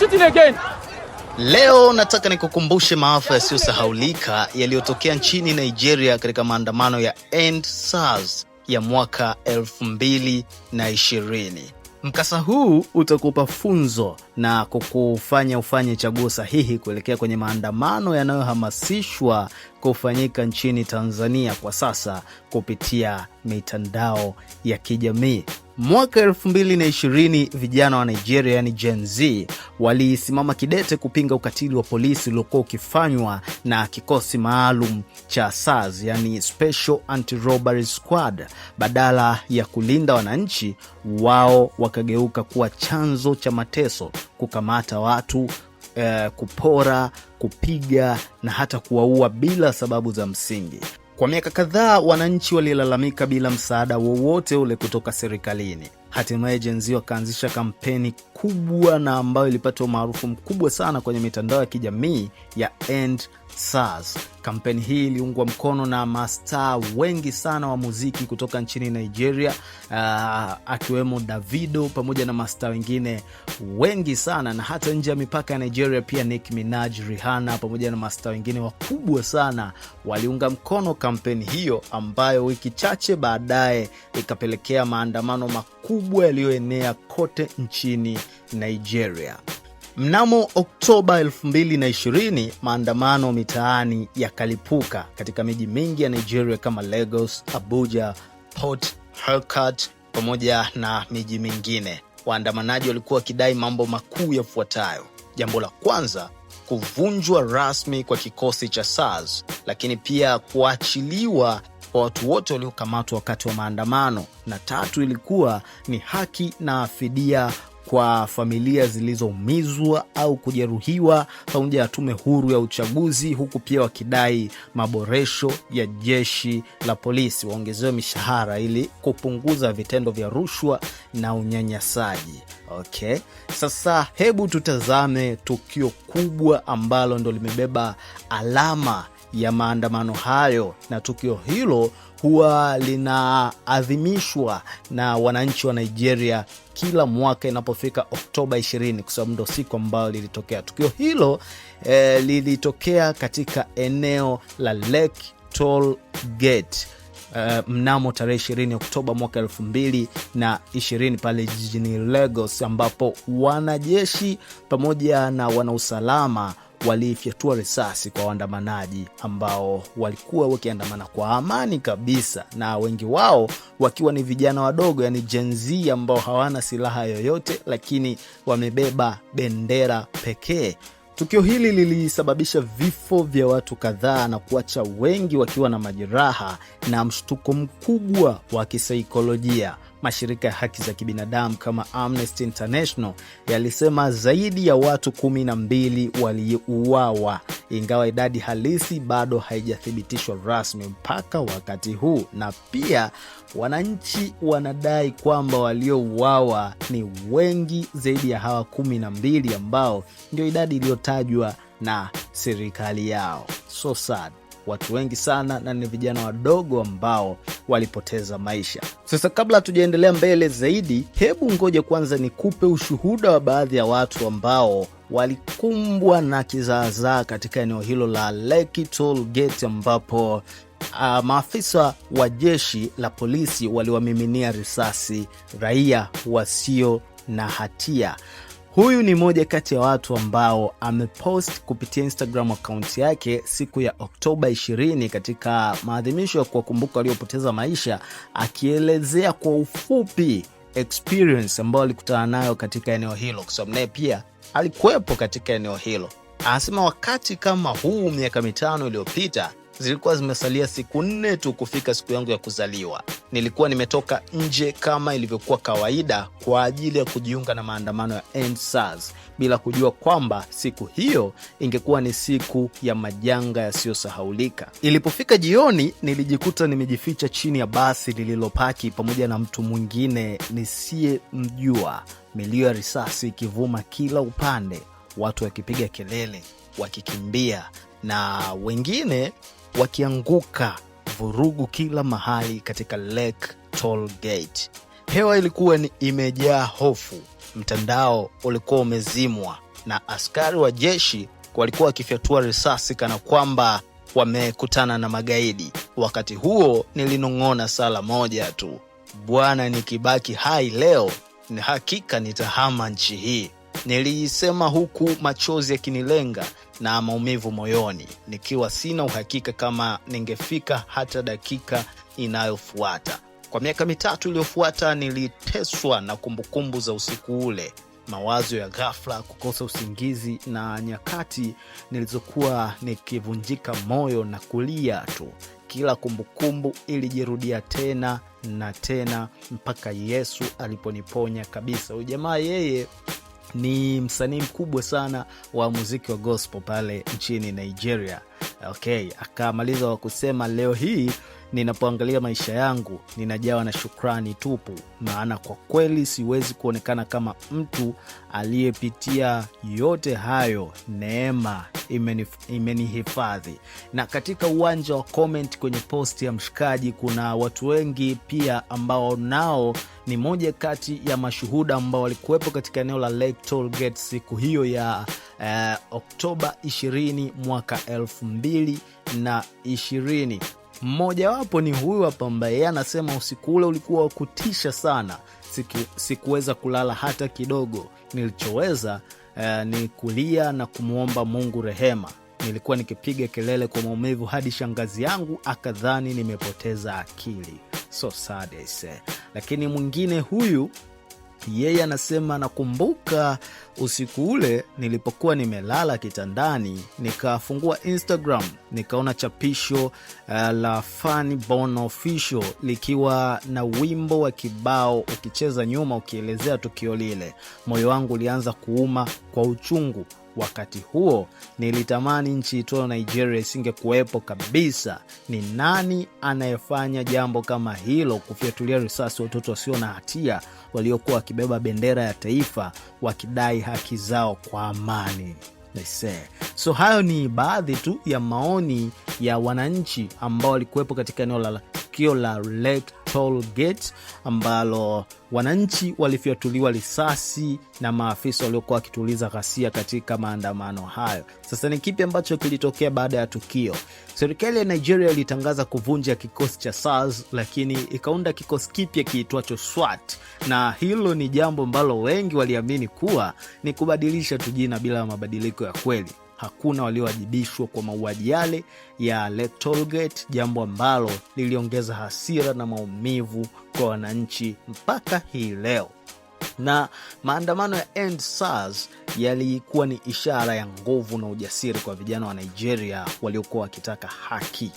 again. Leo nataka nikukumbushe maafa yasiyosahaulika yaliyotokea nchini Nigeria katika maandamano ya End SARS ya mwaka 2020. Mkasa huu utakupa funzo na kukufanya ufanye chaguo sahihi kuelekea kwenye maandamano yanayohamasishwa kufanyika nchini Tanzania kwa sasa kupitia mitandao ya kijamii. Mwaka elfu na vijana wa Nigeria yani Gen Z walisimama kidete kupinga ukatili wa polisi uliokuwa ukifanywa na kikosi maalum cha SARS yani Special Anti-Robbery Squad. Badala ya kulinda wananchi, wao wakageuka kuwa chanzo cha mateso, kukamata watu eh, kupora, kupiga na hata kuwaua bila sababu za msingi. Kwa miaka kadhaa wananchi walilalamika bila msaada wowote ule kutoka serikalini hatimaye jenzi wakaanzisha kampeni kubwa na ambayo ilipata umaarufu mkubwa sana kwenye mitandao ya kijamii ya End SARS. Kampeni hii iliungwa mkono na mastaa wengi sana wa muziki kutoka nchini Nigeria, uh, akiwemo Davido pamoja na mastaa wengine wengi sana, na hata nje ya mipaka ya Nigeria pia nik Minaj, rihana pamoja na mastaa wengine wakubwa sana waliunga mkono kampeni hiyo, ambayo wiki chache baadaye ikapelekea maandamano makubwa makubwa yaliyoenea kote nchini Nigeria. Mnamo Oktoba 2020 maandamano mitaani yakalipuka katika miji mingi ya Nigeria kama Lagos, Abuja, Port Harcourt pamoja na miji mingine. Waandamanaji walikuwa wakidai mambo makuu yafuatayo. Jambo la kwanza, kuvunjwa rasmi kwa kikosi cha SARS, lakini pia kuachiliwa wa watu wote waliokamatwa wakati wa maandamano, na tatu ilikuwa ni haki na fidia kwa familia zilizoumizwa au kujeruhiwa pamoja na tume huru ya uchaguzi, huku pia wakidai maboresho ya jeshi la polisi, waongezewe mishahara ili kupunguza vitendo vya rushwa na unyanyasaji. ok sasa hebu tutazame tukio kubwa ambalo ndo limebeba alama ya maandamano hayo, na tukio hilo huwa linaadhimishwa na wananchi wa Nigeria kila mwaka inapofika Oktoba 20 kwa sababu ndo siku ambayo lilitokea tukio hilo. Eh, lilitokea katika eneo la Lake Toll Gate Uh, mnamo tarehe 20 Oktoba mwaka 2020 pale jijini legos ambapo wanajeshi pamoja na wanausalama walifyatua risasi kwa waandamanaji ambao walikuwa wakiandamana kwa amani kabisa, na wengi wao wakiwa ni vijana wadogo, yani jenzi ambao hawana silaha yoyote, lakini wamebeba bendera pekee. Tukio hili lilisababisha vifo vya watu kadhaa na kuacha wengi wakiwa na majeraha na mshtuko mkubwa wa kisaikolojia. Mashirika ya haki za kibinadamu kama Amnesty International yalisema zaidi ya watu kumi na mbili waliuawa ingawa idadi halisi bado haijathibitishwa rasmi mpaka wakati huu, na pia wananchi wanadai kwamba waliouawa ni wengi zaidi ya hawa kumi na mbili ambao ndio idadi iliyotajwa na serikali yao. So sad watu wengi sana na ni vijana wadogo ambao walipoteza maisha. Sasa, kabla hatujaendelea mbele zaidi, hebu ngoja kwanza nikupe ushuhuda wa baadhi ya watu ambao walikumbwa na kizaazaa katika eneo hilo la Leki Toll Gate ambapo Uh, maafisa wa jeshi la polisi waliwamiminia risasi raia wasio na hatia. Huyu ni moja kati ya watu ambao amepost kupitia Instagram akaunti yake siku ya Oktoba 20 katika maadhimisho ya kuwakumbuka waliopoteza maisha, akielezea kwa ufupi experience ambayo alikutana nayo katika eneo hilo, kwa sababu naye pia alikuwepo katika eneo hilo. Anasema wakati kama huu miaka mitano iliyopita zilikuwa zimesalia siku nne tu kufika siku yangu ya kuzaliwa nilikuwa nimetoka nje kama ilivyokuwa kawaida kwa ajili ya kujiunga na maandamano ya NSAS, bila kujua kwamba siku hiyo ingekuwa ni siku ya majanga yasiyosahaulika. Ilipofika jioni, nilijikuta nimejificha chini ya basi lililopaki pamoja na mtu mwingine nisiyemjua, milio ya risasi ikivuma kila upande, watu wakipiga kelele, wakikimbia na wengine wakianguka vurugu kila mahali katika Lake gate Hewa ilikuwa ni imejaa hofu, mtandao ulikuwa umezimwa na askari wa jeshi walikuwa wakifyatua risasi kana kwamba wamekutana na magaidi. Wakati huo nilinong'ona sala moja tu, Bwana, nikibaki hai leo ni hakika nitahama nchi hii. Niliisema huku machozi yakinilenga, na maumivu moyoni, nikiwa sina uhakika kama ningefika hata dakika inayofuata. Kwa miaka mitatu iliyofuata, niliteswa na kumbukumbu za usiku ule, mawazo ya ghafla, kukosa usingizi na nyakati nilizokuwa nikivunjika moyo na kulia tu. Kila kumbukumbu ilijirudia tena na tena mpaka Yesu aliponiponya kabisa. Huyu jamaa yeye ni msanii mkubwa sana wa muziki wa gospel pale nchini Nigeria. Okay, akamaliza kwa kusema leo hii Ninapoangalia maisha yangu ninajawa na shukrani tupu, maana kwa kweli siwezi kuonekana kama mtu aliyepitia yote hayo. Neema imenihifadhi imeni. Na katika uwanja wa comment kwenye posti ya mshikaji, kuna watu wengi pia ambao nao ni moja kati ya mashuhuda ambao walikuwepo katika eneo la Lake siku hiyo ya eh, Oktoba 20 mwaka 2020. Mmojawapo ni huyu hapa ambaye yeye anasema usiku ule ulikuwa wa kutisha sana, sikuweza kulala hata kidogo. Nilichoweza eh, ni kulia na kumwomba Mungu rehema. Nilikuwa nikipiga kelele kwa maumivu hadi shangazi yangu akadhani nimepoteza akili. So sad Lakini mwingine huyu yeye anasema nakumbuka usiku ule nilipokuwa nimelala kitandani, nikafungua Instagram nikaona chapisho uh, la Fani likiwa na wimbo wa kibao ukicheza nyuma ukielezea tukio lile. Moyo wangu ulianza kuuma kwa uchungu Wakati huo nilitamani nchi itoo Nigeria isingekuwepo kabisa. Ni nani anayefanya jambo kama hilo, kufyatulia risasi watoto wasio na hatia waliokuwa wakibeba bendera ya taifa wakidai haki zao kwa amani? So hayo ni baadhi tu ya maoni ya wananchi ambao walikuwepo katika eneo la tukio la Red Toll Gate ambalo wananchi walifyatuliwa risasi na maafisa waliokuwa wakituliza ghasia katika maandamano hayo. Sasa ni kipi ambacho kilitokea baada ya tukio? Serikali ya Nigeria ilitangaza kuvunja kikosi cha SARS, lakini ikaunda kikosi kipya kiitwacho SWAT, na hilo ni jambo ambalo wengi waliamini kuwa ni kubadilisha tu jina bila mabadiliko ya kweli hakuna waliowajibishwa kwa mauaji yale ya letolgate Tollgate, jambo ambalo liliongeza hasira na maumivu kwa wananchi mpaka hii leo. Na maandamano ya End SARS yalikuwa ni ishara ya nguvu na ujasiri kwa vijana wa Nigeria waliokuwa wakitaka haki.